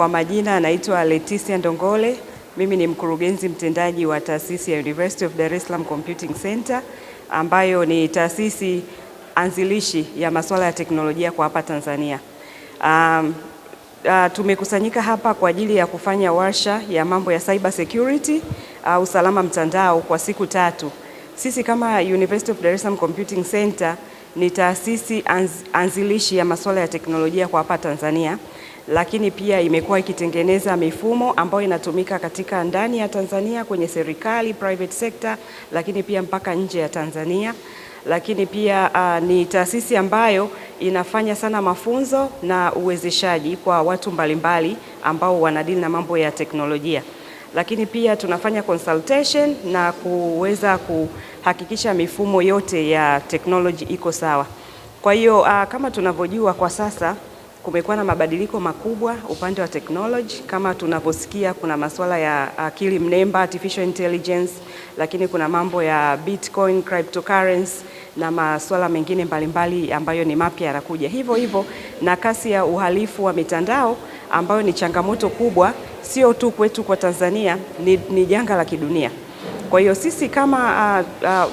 Kwa majina anaitwa Leticia Ndongole. Mimi ni mkurugenzi mtendaji wa taasisi ya University of Dar es Salaam Computing Center ambayo ni taasisi anzilishi ya masuala ya teknolojia kwa hapa Tanzania. Um, uh, tumekusanyika hapa kwa ajili ya kufanya warsha ya mambo ya cyber security au uh, usalama mtandao kwa siku tatu. Sisi kama University of Dar es Salaam Computing Center ni taasisi anz, anzilishi ya masuala ya teknolojia kwa hapa Tanzania lakini pia imekuwa ikitengeneza mifumo ambayo inatumika katika ndani ya Tanzania kwenye serikali, private sector, lakini pia mpaka nje ya Tanzania lakini pia uh, ni taasisi ambayo inafanya sana mafunzo na uwezeshaji kwa watu mbalimbali ambao wanadili na mambo ya teknolojia. Lakini pia tunafanya consultation na kuweza kuhakikisha mifumo yote ya technology iko sawa. Kwa hiyo uh, kama tunavyojua kwa sasa kumekuwa na mabadiliko makubwa upande wa teknoloji, kama tunavyosikia, kuna masuala ya akili mnemba artificial intelligence, lakini kuna mambo ya Bitcoin, cryptocurrency na masuala mengine mbalimbali mbali ambayo ni mapya yanakuja. Hivyo hivyo na kasi ya uhalifu wa mitandao ambayo ni changamoto kubwa, sio tu kwetu kwa Tanzania, ni, ni janga la kidunia. Kwa hiyo sisi kama uh, uh,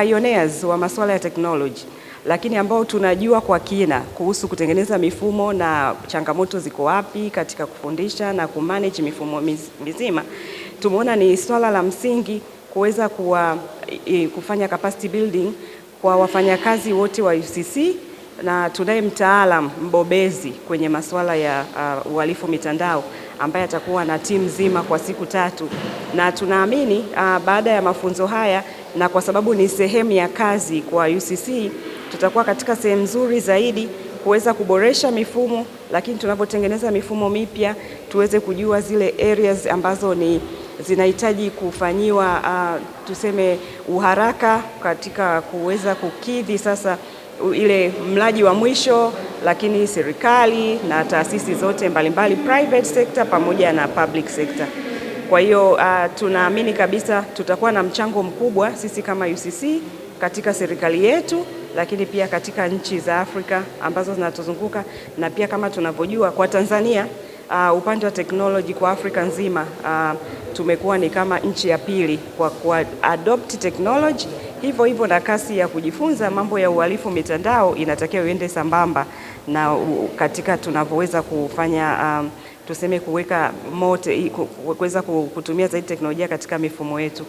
pioneers wa masuala ya teknoloji lakini ambao tunajua kwa kina kuhusu kutengeneza mifumo na changamoto ziko wapi katika kufundisha na kumanage mifumo mizima, tumeona ni swala la msingi kuweza kufanya capacity building kwa wafanyakazi wote wa UCC na tunaye mtaalam mbobezi kwenye masuala ya uh, uhalifu mitandao ambaye atakuwa na timu nzima kwa siku tatu, na tunaamini uh, baada ya mafunzo haya na kwa sababu ni sehemu ya kazi kwa UCC tutakuwa katika sehemu nzuri zaidi kuweza kuboresha mifumo, lakini tunapotengeneza mifumo mipya tuweze kujua zile areas ambazo ni zinahitaji kufanyiwa uh, tuseme uharaka katika kuweza kukidhi sasa ile mlaji wa mwisho, lakini serikali na taasisi zote mbalimbali mbali, private sector pamoja na public sector. Kwa hiyo uh, tunaamini kabisa tutakuwa na mchango mkubwa sisi kama UCC katika serikali yetu lakini pia katika nchi za Afrika ambazo zinatuzunguka na pia kama tunavyojua kwa Tanzania uh, upande wa teknoloji kwa Afrika nzima uh, tumekuwa ni kama nchi ya pili kwa adopt technology. Hivyo hivyo na kasi ya kujifunza mambo ya uhalifu mitandao inatakiwa iende sambamba na u, katika tunavyoweza kufanya um, tuseme kuweka mote kuweza kutumia zaidi teknolojia katika mifumo yetu.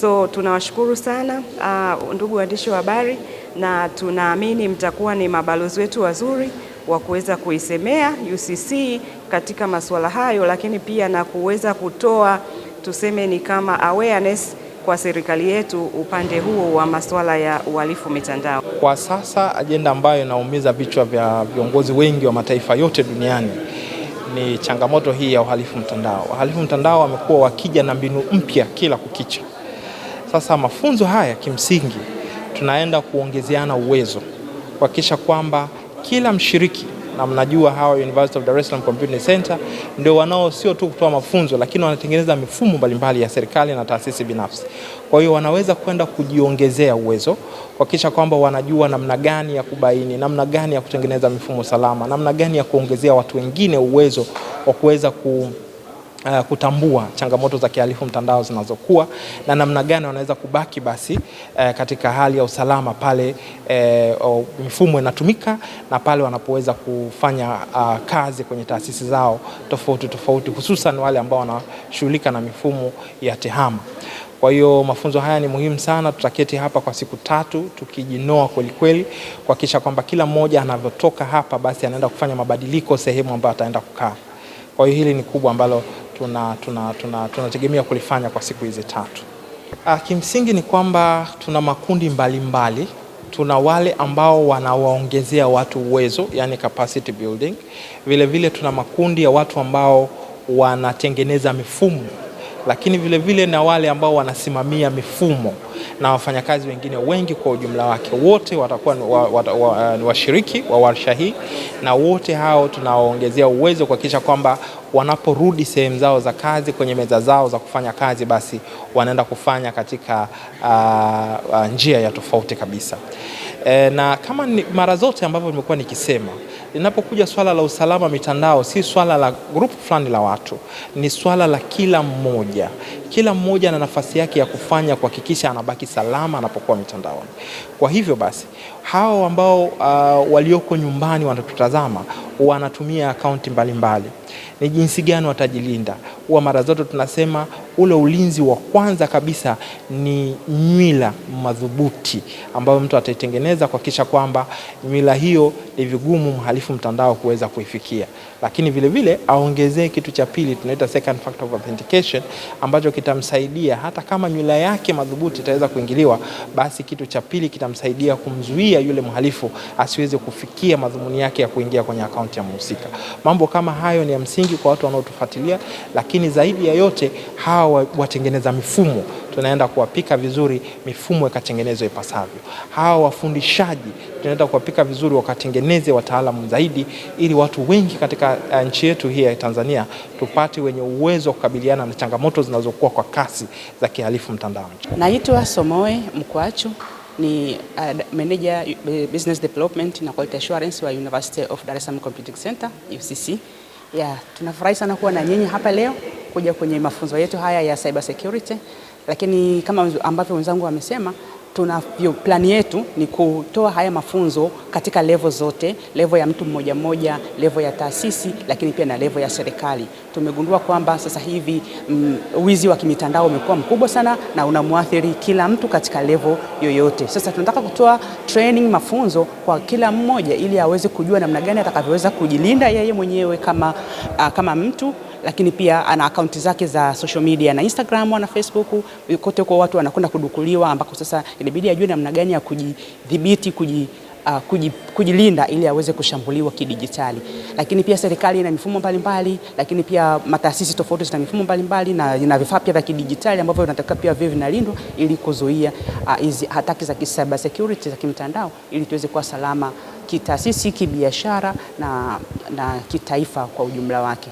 So tunawashukuru sana uh, ndugu waandishi wa habari, na tunaamini mtakuwa ni mabalozi wetu wazuri wa kuweza kuisemea UCC katika masuala hayo, lakini pia na kuweza kutoa tuseme ni kama awareness kwa serikali yetu upande huo wa masuala ya uhalifu mitandao. Kwa sasa ajenda ambayo inaumiza vichwa vya viongozi wengi wa mataifa yote duniani ni changamoto hii ya uhalifu mtandao. Wahalifu mtandao wamekuwa wakija na mbinu mpya kila kukicha. Sasa mafunzo haya kimsingi tunaenda kuongezeana uwezo kuhakikisha kwamba kila mshiriki na mnajua hawa University of Dar es Salaam Computing Center ndio wanao sio tu kutoa mafunzo, lakini wanatengeneza mifumo mbalimbali ya serikali na taasisi binafsi. Kwa hiyo wanaweza kwenda kujiongezea uwezo kuhakikisha kwamba wanajua namna gani ya kubaini, namna gani ya kutengeneza mifumo salama, namna gani ya kuongezea watu wengine uwezo wa kuweza ku Uh, kutambua changamoto za kihalifu mtandao zinazokuwa na namna gani wanaweza kubaki basi uh, katika hali ya usalama pale uh, mifumo inatumika na pale wanapoweza kufanya uh, kazi kwenye taasisi zao tofauti tofauti, hususan wale ambao wanashughulika na mifumo ya tehama. Kwa hiyo mafunzo haya ni muhimu sana. Tutaketi hapa kwa siku tatu tukijinoa kwelikweli, kuhakikisha kwamba kila mmoja anavyotoka hapa basi anaenda kufanya mabadiliko sehemu ambayo ataenda kukaa. Kwa hiyo hili ni kubwa ambalo tunategemea tuna, tuna, tuna kulifanya kwa siku hizi tatu. Ah, kimsingi ni kwamba tuna makundi mbalimbali mbali. Tuna wale ambao wanawaongezea watu uwezo, yani capacity building. Vilevile vile tuna makundi ya watu ambao wanatengeneza mifumo lakini vilevile vile na wale ambao wanasimamia mifumo na wafanyakazi wengine wengi kwa ujumla wake, wote watakuwa washiriki wa, wa, wa, wa warsha hii, na wote hao tunawaongezea uwezo kuhakikisha kwamba wanaporudi sehemu zao za kazi, kwenye meza zao za kufanya kazi, basi wanaenda kufanya katika uh, uh, njia ya tofauti kabisa. E, na kama ni, mara zote ambavyo nimekuwa nikisema linapokuja swala la usalama mitandao, si swala la grupu fulani la watu, ni swala la kila mmoja. Kila mmoja ana nafasi yake ya kufanya kuhakikisha anabaki salama anapokuwa mitandaoni. Kwa hivyo basi, hao ambao uh, walioko nyumbani wanatutazama, wanatumia akaunti mbalimbali, ni jinsi gani watajilinda? Huwa mara zote tunasema ule ulinzi wa kwanza kabisa ni nywila madhubuti ambayo mtu ataitengeneza kuhakikisha kwamba nywila hiyo ni vigumu mhalifu mtandao kuweza kuifikia. Lakini vilevile aongezee kitu cha pili tunaita second factor of authentication, ambacho kitamsaidia hata kama nywila yake madhubuti itaweza kuingiliwa, basi kitu cha pili kitamsaidia kumzuia yule mhalifu asiweze kufikia madhumuni yake ya kuingia kwenye akaunti ya mhusika. Mambo kama hayo ni ya msingi kwa watu wanaotufuatilia, lakini zaidi ya yote hawa watengeneza mifumo tunaenda kuwapika vizuri, mifumo ikatengenezwa ipasavyo. Hawa wafundishaji tunaenda kuwapika vizuri, wakatengeneze wataalamu zaidi, ili watu wengi katika eh, nchi yetu hii ya Tanzania tupate wenye uwezo wa kukabiliana na changamoto zinazokuwa kwa kasi za kihalifu mtandao. Naitwa Somoe Mkwachu ni uh, manager eh, business development na quality assurance wa University of Dar es Salaam Computing Center UCC. Yeah, tunafurahi sana kuwa na nyinyi hapa leo kuja kwenye mafunzo yetu haya ya cyber security lakini kama ambavyo wenzangu wamesema tuna plani yetu ni kutoa haya mafunzo katika levo zote, levo ya mtu mmoja mmoja, levo ya taasisi, lakini pia na levo ya serikali. Tumegundua kwamba sasa hivi mm, wizi wa kimitandao umekuwa mkubwa sana na unamwathiri kila mtu katika levo yoyote. Sasa tunataka kutoa training, mafunzo kwa kila mmoja, ili aweze kujua namna gani atakavyoweza kujilinda yeye mwenyewe kama, ah, kama mtu lakini pia ana akaunti zake za social media na Instagram na Facebook, kote kwa watu wanakwenda kudukuliwa, ambako sasa inabidi ajue namna gani ya kujidhibiti, kuji Uh, kujilinda ili aweze kushambuliwa kidijitali, lakini pia serikali ina mifumo mbalimbali, lakini pia mataasisi tofauti zina mifumo mbalimbali na ina vifaa pia vya kidijitali ambavyo vinatakiwa pia viwe vinalindwa ili kuzuia uh, hizi uh, hataki za cyber security za kimtandao ili tuweze kuwa salama kitaasisi, kibiashara na, na kitaifa kwa ujumla wake.